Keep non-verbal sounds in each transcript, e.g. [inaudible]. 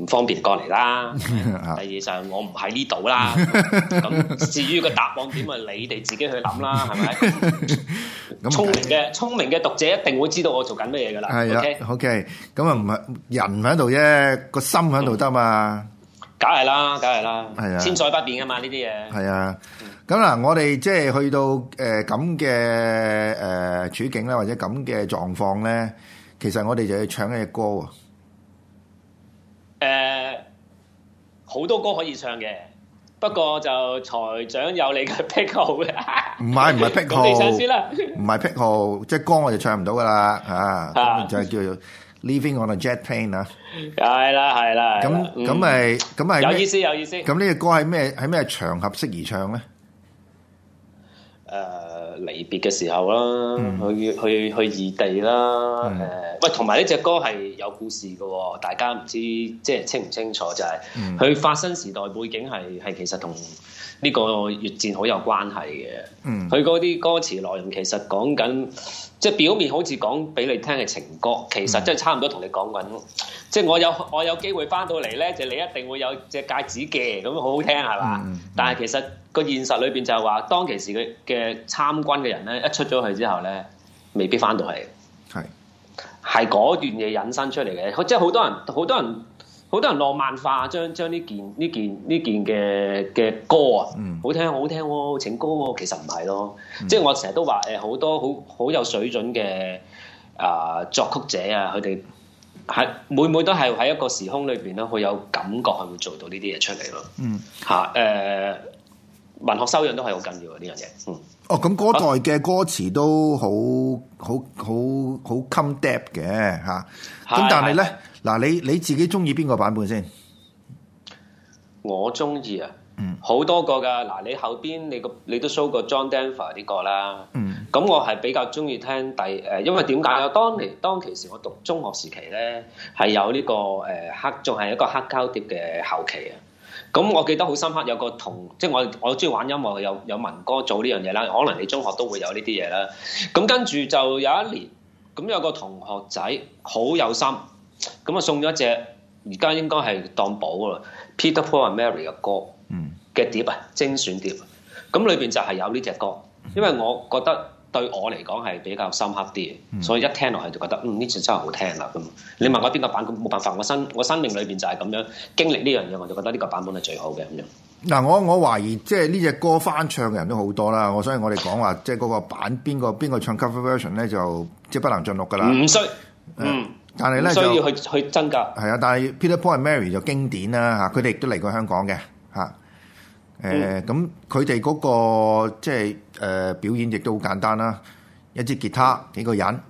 唔方便過嚟啦。第二就係我唔喺呢度啦。咁 [laughs] 至於個答案點啊，你哋自己去諗啦，係咪？ [laughs] 聰明嘅聰明嘅讀者一定會知道我做緊咩嘢噶啦。係啊的。O Okay ? K、嗯。咁啊，唔係人喺度啫，個心喺度得嘛。梗係啦，梗係啦。係啊。千載不變噶嘛，呢啲嘢。係啊。咁嗱，我哋即係去到誒咁嘅誒處境咧，或者咁嘅狀況咧，其實我哋就要唱一隻歌喎。誒，好、uh, 多歌可以唱嘅， [laughs] 不過就財長有你嘅癖好嘅。唔係唔係癖好，咁你唱先啦，唔係癖好，即係歌我就唱唔到噶啦，吓、 [laughs] 啊，就係叫做 Leaving on a jet plane 啊，係啦係啦，咁咁係咁係，有意思有意思，咁呢個歌係咩係咩場合適宜唱咧？誒。Uh, 離別嘅時候啦，嗯、去去去異地啦，誒、嗯，喂、呃，同埋呢隻歌係有故事嘅、哦，大家唔知即係清唔清楚、就係，就係佢發生時代背景係係其實同呢個越戰好有關係嘅，佢嗰啲歌詞內容其實講緊。即係表面好似講俾你聽嘅情歌，其實、嗯、即係差唔多同你講緊。即係我有我有機會翻到嚟咧，就你一定會有隻戒指嘅，咁，好好聽係嘛？嗯嗯、但係其實個現實裏邊就係話，當其時佢嘅參軍嘅人咧，一出咗去之後咧，未必翻到嚟。係係嗰段嘢引申出嚟嘅，即係好多人好多人。好多人浪漫化，將將呢件呢件呢件嘅嘅歌啊、嗯，好聽、哦、好聽喎，情歌喎、哦，其實唔係咯。嗯、即係我成日都話誒，好、呃、多好好有水準嘅啊、呃、作曲者啊，佢哋係每每都係喺一個時空裏邊咧，佢有感覺係會做到呢啲嘢出嚟咯。嗯，嚇誒、啊呃，文學修養都係好緊要嘅呢樣嘢。嗯。哦，咁嗰代嘅歌詞都好好好好襟 depth 嘅嚇。咁、啊、但係咧，嗱的你你自己中意邊個版本先？我中意啊，嗯，好多個㗎。嗱你後邊你個你都 show 過 John Denver 呢個啦，嗯，咁我係比較中意聽第誒、呃，因為點解啊？當年但當其時我讀中學時期咧，係有呢個誒黑仲係一個黑膠碟嘅後期啊。咁我記得好深刻，有個同即係我我鍾意玩音樂，有有民歌做呢樣嘢啦。可能你中學都會有呢啲嘢啦。咁跟住就有一年，咁有個同學仔好有心，咁啊送咗隻而家應該係當寶啦，Peter Paul and Mary 嘅歌，嗯，嘅碟啊，精選碟。咁裏邊就係有呢隻歌，因為我覺得。對我嚟講係比較深刻啲，嘅、嗯，所以一聽落去就覺得，嗯呢次真係好聽啦咁。你問我邊個版本冇辦法，我生我生命裏邊就係咁樣經歷呢樣嘢，我就覺得呢個版本係最好嘅咁樣。嗱、啊，我我懷疑即係呢隻歌翻唱嘅人都好多啦，所以我哋講話即係嗰個版邊個邊個唱 cover version 咧就即係不能進錄㗎啦。唔需，嗯，呃、嗯但係咧就需要去去增加。係啊，但係 Peter Paul and Mary 就經典啦嚇，佢哋亦都嚟過香港嘅嚇。啊誒，咁佢哋嗰個即係誒、呃、表演亦都好簡單啦，一支吉他幾個人。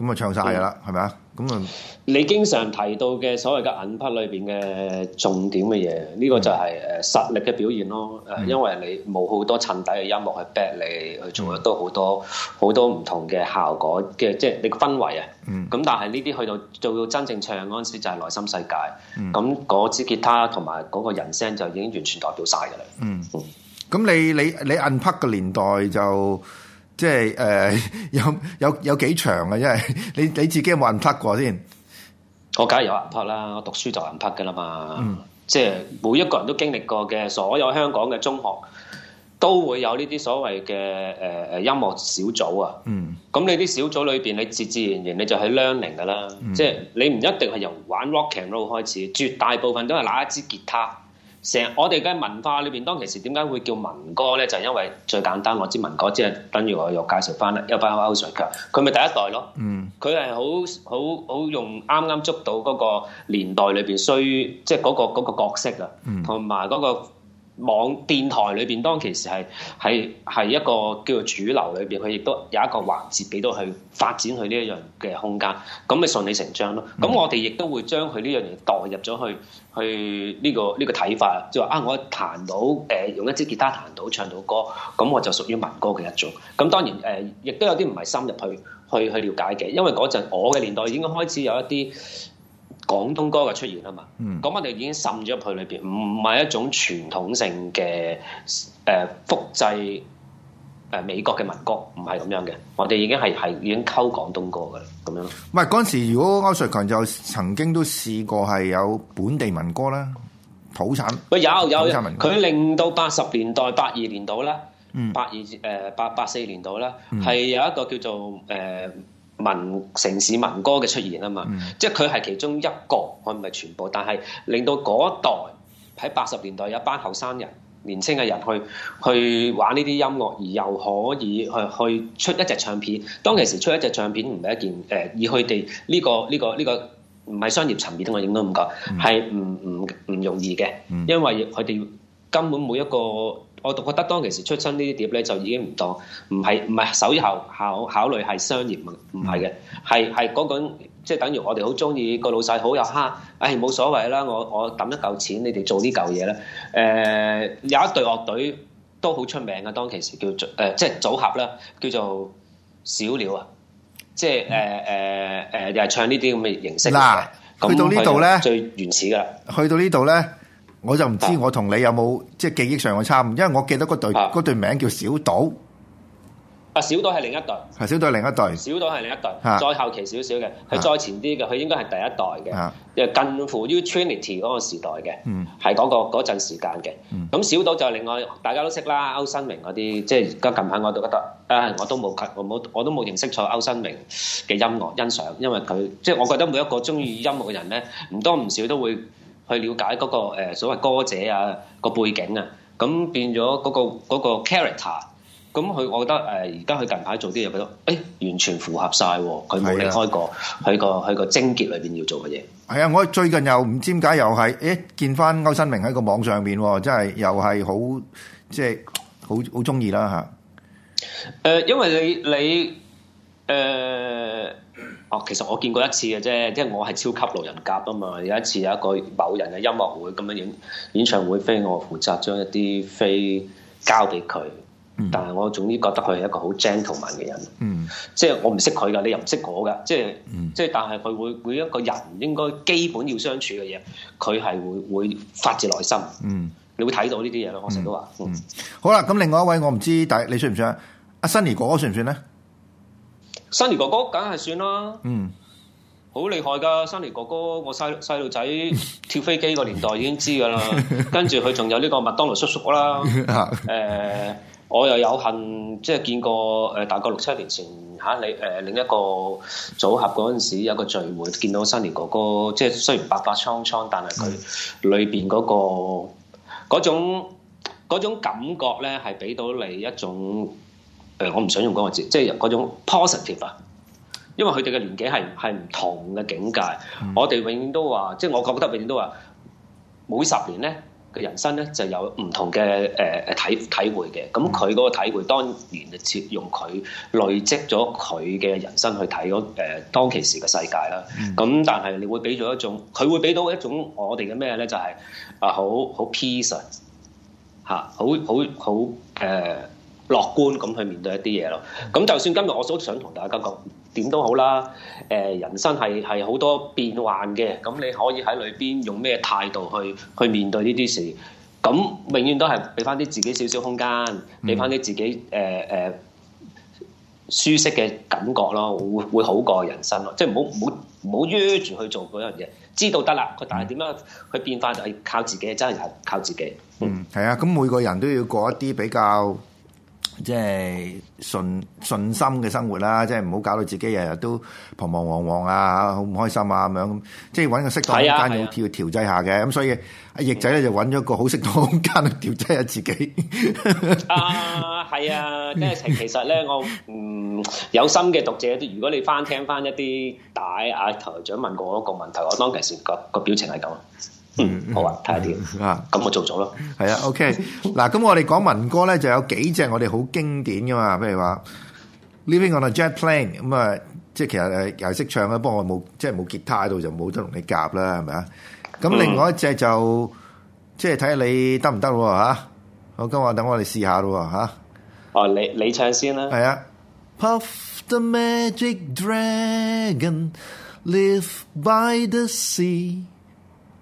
咁啊，唱晒嘢啦，係咪啊？咁啊，你經常提到嘅所謂嘅 unplug 裏邊嘅重點嘅嘢，呢、嗯、個就係誒實力嘅表現咯。誒、嗯，因為你冇好多襯底嘅音樂去 back 你去做嘅，都好多好、嗯、多唔同嘅效果嘅，即、就、係、是、你個氛圍啊。嗯。咁但係呢啲去到做到真正唱嗰陣時，就係內心世界。嗯。咁嗰支吉他同埋嗰個人聲就已經完全代表晒嘅啦。嗯。咁、嗯、你你你 unplug 嘅年代就～即係誒、呃、有有有幾長嘅、啊，因 [laughs] 為你你自己有冇人拍過先？我梗係有人拍啦，我讀書就人拍噶啦嘛。嗯，即係每一個人都經歷過嘅，所有香港嘅中學都會有呢啲所謂嘅誒誒音樂小組啊。嗯，咁你啲小組裏邊，你自自然然你就喺 learning 噶啦。嗯、即係你唔一定係由玩 rock and roll 開始，絕大部分都係拿一支吉他。成日我哋嘅文化裏邊，當其時點解會叫民歌咧？就係、因為最簡單，我知民歌即係等於我又介紹翻啦，一班歐瑞劇，佢咪第一代咯。嗯，佢係好好好用啱啱捉到嗰個年代裏邊需，即係嗰個嗰個角色啊，同埋嗰個。網電台裏邊當其時係係係一個叫做主流裏邊，佢亦都有一個環節俾到佢發展佢呢一樣嘅空間，咁咪順理成章咯。咁、嗯、我哋亦都會將佢呢樣嘢代入咗去去呢、呢個呢、呢個睇法，即係話啊，我彈到誒、呃、用一支吉他彈到唱到歌，咁我就屬於民歌嘅一種。咁當然誒，亦、呃、都有啲唔係深入去去去了解嘅，因為嗰陣我嘅年代已經開始有一啲。廣東歌嘅出現啊嘛，咁我哋已經滲咗入去裏邊，唔係一種傳統性嘅誒、呃、複製誒、呃、美國嘅民歌，唔係咁樣嘅。我哋已經係係已經溝廣東歌㗎喇，咁樣囉。唔係嗰陣時，如果歐瑞強就曾經都試過係有本地民歌啦，土產。佢有有佢令到八十年代八二年度啦，八二誒八八四年度啦，係、嗯、有一個叫做誒。呃民城市民歌嘅出現啊嘛，嗯、即係佢係其中一個，我唔係全部，但係令到嗰代喺八十年代有一班後生人、年輕嘅人去去玩呢啲音樂，而又可以去去出一隻唱片。當其時出一隻唱片唔係一件誒、呃，以佢哋呢個呢、呢個呢、呢個唔係商業層面，我應該咁講，係唔唔唔容易嘅，嗯、因為佢哋根本每一個。我都覺得當其時出身呢啲碟咧，就已經唔當，唔係唔係，首先考考考慮係商業問，唔係嘅，係係講緊，即係等於我哋好中意個老細好有蝦，唉冇所謂啦，我我抌一嚿錢，你哋做呢嚿嘢啦。誒、呃、有一隊樂隊都好出名嘅，當其時叫做誒、呃、即係組合啦，叫做小鳥啊，即係誒誒誒又係唱呢啲咁嘅形式。嗱喏，那去到呢度咧，最原始噶啦。去到呢度咧。我就唔知我同你有冇即係記憶上嘅差誤，因為我記得嗰對嗰、啊、對名叫小島。啊，小島係另一隊。係小島係另一隊。小島係另一隊，再後期少少嘅，係再前啲嘅，佢應該係第一代嘅，啊、近乎於 Trinity 嗰個時代嘅，係嗰、嗯那個嗰陣時間嘅。咁、嗯、小島就另外大家都識啦，歐新明嗰啲，即係而家近排我都覺得，啊，我都冇我冇我都冇認識錯歐新明嘅音樂欣賞，因為佢即係我覺得每一個中意音樂嘅人咧，唔多唔少都會。去了解嗰、那個、呃、所謂歌者啊個背景啊，咁變咗嗰、那個、那個、character，咁、嗯、佢我覺得誒而家佢近排做啲嘢，覺得誒、欸、完全符合晒，佢冇離開過佢個佢個精結裏邊要做嘅嘢。係啊，我最近又唔知點解又係誒、欸、見翻歐新明喺個網上面，真係又係好即係好好中意啦吓，誒、呃，因為你你誒。呃哦，其實我見過一次嘅啫，因為我係超級路人甲啊嘛。有一次有一個某人嘅音樂會咁樣，演演唱會飛，我負責將一啲飛交俾佢。嗯、但係我總之覺得佢係一個好 gentleman 嘅人。嗯，即係我唔識佢㗎，你又唔識我㗎。即係，即係、嗯、但係佢會每一個人應該基本要相處嘅嘢，佢係會會發自內心。嗯，你會睇到呢啲嘢咯。我成日都話。嗯，嗯好啦，咁另外一位我唔知，但你算唔算啊？阿 Sunny 哥，哥哥算唔算咧？Sunny 哥哥梗係算啦，嗯，好厲害噶 Sunny 哥哥，我細細路仔跳飛機個年代已經知噶啦， [laughs] 跟住佢仲有呢個麥當勞叔叔啦，誒、 [laughs] 呃，我又有幸即係見過誒、呃，大概六七年前吓你誒另一個組合嗰陣時有一個聚會，見到 Sunny 哥哥，即係雖然白髮蒼蒼，但係佢裏邊嗰、嗰個嗰種種感覺咧，係俾到你一種。誒，我唔想用嗰個字，即係嗰種 positive 啊，因為佢哋嘅年紀係係唔同嘅境界，嗯、我哋永遠都話，即係我覺得永遠都話，每十年咧嘅人生咧就有唔同嘅誒誒體體會嘅。咁佢嗰個體會當然就用佢累積咗佢嘅人生去睇嗰誒當其時嘅世界啦。咁、嗯嗯、但係你會俾咗一種，佢會俾到一種我哋嘅咩咧？就係、是、啊，好好 peaceful 嚇好好好誒。呃樂觀咁去面對一啲嘢咯。咁就算今日我都想同大家講，點都好啦。誒，人生係係好多變幻嘅。咁你可以喺裏邊用咩態度去去面對呢啲事？咁永遠都係俾翻啲自己少少空間，俾翻啲自己誒誒、嗯呃、舒適嘅感覺咯。會會好過人生咯。即係唔好唔好唔好喐住去做嗰樣嘢。知道得啦。佢、嗯、但係點樣去變化？就係、是、靠自己，真係靠自己。嗯，嗯，係啊。咁每個人都要過一啲比較。即係順順心嘅生活啦，即係唔好搞到自己日日都彷徨惶惶啊，好唔開心啊咁樣，即係揾個適當空間要調調劑下嘅。咁、啊啊、所以阿翼仔咧就揾咗個好適當空間去調劑下自己。嗯、 [laughs] 啊，係啊，即係其實咧，我嗯有心嘅讀者，如果你翻聽翻一啲大阿台長問過我一個問題，我當其時個個表情係咁。嗯，好啊，睇下點啊，咁我做咗咯，係啊，OK，嗱，咁我哋講民歌咧，就有幾隻我哋好經典噶嘛，譬如話《Living on a Jet Plane》，咁啊，即係其實又係識唱啦，不過我冇即係冇吉他喺度，就冇得同你夾啦，係咪啊？咁另外一隻就即係睇下你得唔得咯吓，好，今日等我哋試下咯吓，哦，你你唱先啦，係啊，Puff the Magic Dragon live by the sea。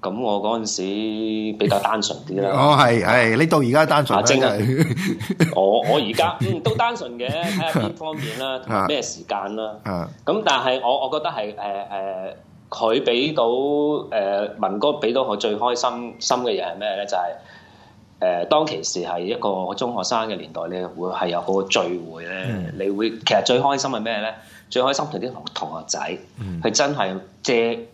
咁我嗰陣時比較單純啲啦。哦，係係，你到而家單純啊正！真啊！我我而家嗯都單純嘅，睇下邊方面啦，同咩時間啦。咁、啊啊、但係我我覺得係誒誒，佢、呃、俾到誒、呃、文哥俾到我最開心心嘅嘢係咩咧？就係、是、誒、呃、當其時係一個中學生嘅年代，你會係有個聚會咧，嗯、你會其實最開心係咩咧？最開心同啲同學仔，係真係借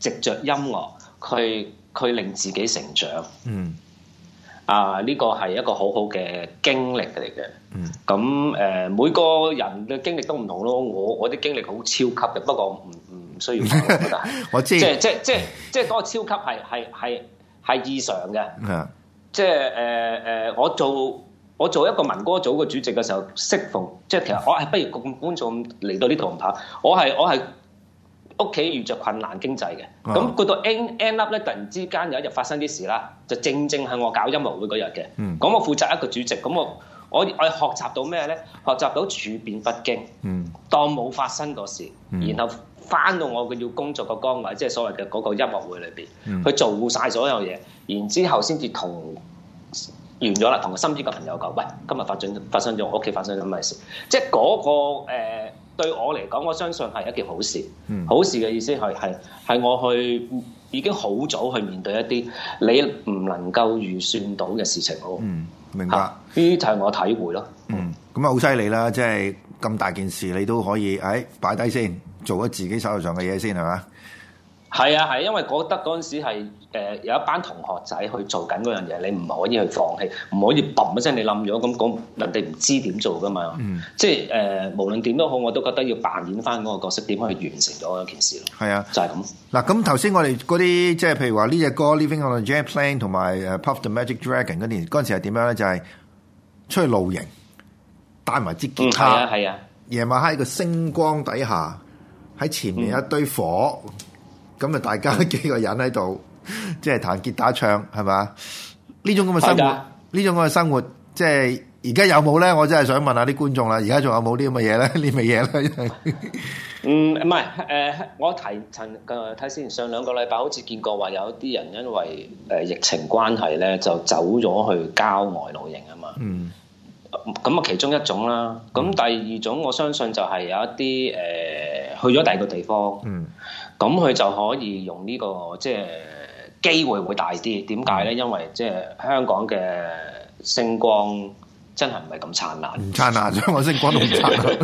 藉着音樂。佢佢令自己成長，嗯啊，啊呢個係一個好好嘅經歷嚟嘅，嗯，咁、呃、誒每個人嘅經歷都唔同咯，我我啲經歷好超級嘅，不過唔唔需要講，我， [laughs] 我知道、即係，即即即即嗰個超級係係係係異常嘅，啊是的，即誒誒我做我做一個民歌組嘅主席嘅時候，適逢即、即係、其實我係不如共觀眾嚟到呢堂拍，我係我係。我屋企遇着困難經濟嘅，咁過哇到 end end up 咧，突然之間有一日發生啲事啦，就正正係我搞音樂會嗰日嘅。咁、嗯、我負責一個主席，咁我我我學習到咩咧？學習到處變不驚，嗯、當冇發生過事，嗯、然後翻到我嘅要工作嘅崗位，即、就、係、是、所謂嘅嗰個音樂會裏邊，嗯、去做晒所有嘢，然後之後先至同完咗啦，同身邊嘅朋友講：喂，今日發生發生咗我屋企發生咗咩事？即係嗰個、呃對我嚟講，我相信係一件好事。嗯、好事嘅意思係係係，我去已經好早去面對一啲你唔能夠預算到嘅事情好，嗯，明白。呢啲就係我體會咯、嗯。嗯，咁啊好犀利啦！即係咁大件事，你都可以呃擺低先，做咗自己手頭上嘅嘢先，係嘛？係啊，係因為覺得嗰陣時係、呃、有一班同學仔去做緊嗰樣嘢，你唔可以去放棄，唔可以嘣一聲你冧咗咁，人哋唔知點做噶嘛。嗯、即係誒、呃，無論點都好，我都覺得要扮演翻嗰個角色，點去完成咗一件事咯。係啊，就係咁。嗱，咁頭先我哋嗰啲即係譬如話呢隻歌《Leaving on a Jet Plane》同埋《Puff the Magic Dragon》嗰年嗰陣時係點樣咧？就係、是、出去露營，帶埋支吉他。係啊係啊，夜、嗯、晚黑個星光底下，喺前面一堆火、嗯。嗯。咁啊，大家幾個人喺度，即係彈吉打唱，係嘛？呢種咁嘅生活，呢是的 種咁嘅生活，即係而家有冇咧？我真係想問下啲觀眾啦，而家仲有冇啲咁嘅嘢咧？呢味嘢咧？嗯，唔係誒，我提陳嘅睇先，上兩個禮拜好似見過話，有啲人因為誒疫情關係咧，就走咗去郊外露營啊嘛、嗯嗯。嗯。咁啊，其中一種啦，咁第二種我相信就係有一啲誒、呃、去咗第二個地方。嗯。咁佢就可以用呢個，即係，機會會大啲。點解咧？因為即係香港嘅星光。真係唔係咁燦爛，唔燦爛，我先講到唔燦爛。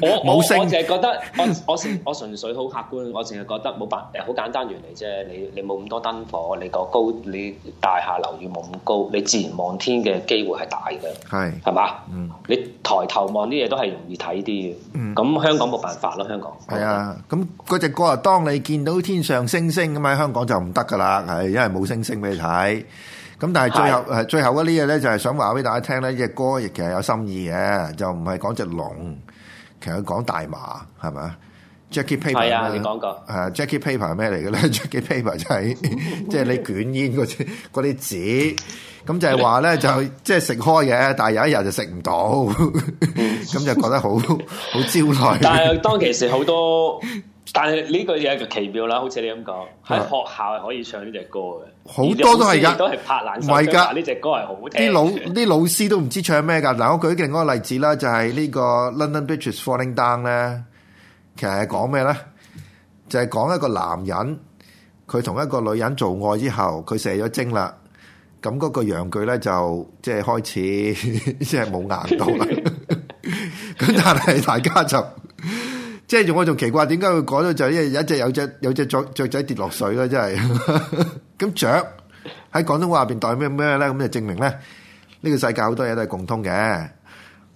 我冇，我淨係覺得，我我先，我純粹好客觀，我淨係覺得冇辦，好簡單原理啫。你你冇咁多燈火，你個高，你大廈樓宇冇咁高，你自然望天嘅機會係大嘅，係係嘛？吧嗯，你抬頭望啲嘢都係容易睇啲嘅。咁、嗯、香港冇辦法咯，香港。係啊，咁嗰隻歌啊，當你見到天上星星咁啊，香港就唔得噶啦，係因為冇星星俾你睇。咁但係最後誒，是的 最後嗰啲嘢咧，就係、是、想話俾大家聽咧，隻歌亦其實有心意嘅，就唔係講隻龍，其實講大麻，係咪啊？Jackie Paper 係啊，你講過，係、嗯、Jackie Paper 係咩嚟嘅咧？Jackie Paper 就係即係你捲煙嗰啲嗰啲紙，咁就係話咧就即係食開嘅，但係有一日就食唔到，咁、 [laughs] 嗯 [laughs] 嗯、就覺得好好焦慮。 [laughs] 但係當其時好多。但係呢個嘢奇妙啦，好似你咁講，喺學校係可以唱呢隻歌嘅，好多都係噶，都係拍爛晒。唔係噶，呢隻歌係好好聽，啲老啲老師都唔知唱咩噶。嗱，我舉啲另一個例子啦，就係呢個 London Bridge is Falling Down 咧，其實係講咩咧？就係講一個男人佢同一個女人做愛之後，佢射咗精啦，咁嗰個陽具咧就即係開始即係冇硬度啦。咁但係大家就。即係我仲,奇怪，點解會講到就因為有一隻有隻有隻雀雀仔跌落水咧？真係咁雀喺廣東話入邊代表咩咩咧？咁就證明咧，呢個世界好多嘢都係共通嘅。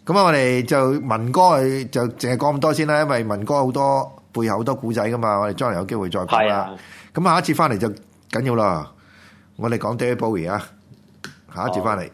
咁啊，我哋就文哥就淨係講咁多先啦，因為文哥好多背後好多古仔噶嘛。我哋將來有機會再講啦。咁下一次翻嚟就緊要啦。我哋講 Dear Boy 啊，下一次翻嚟。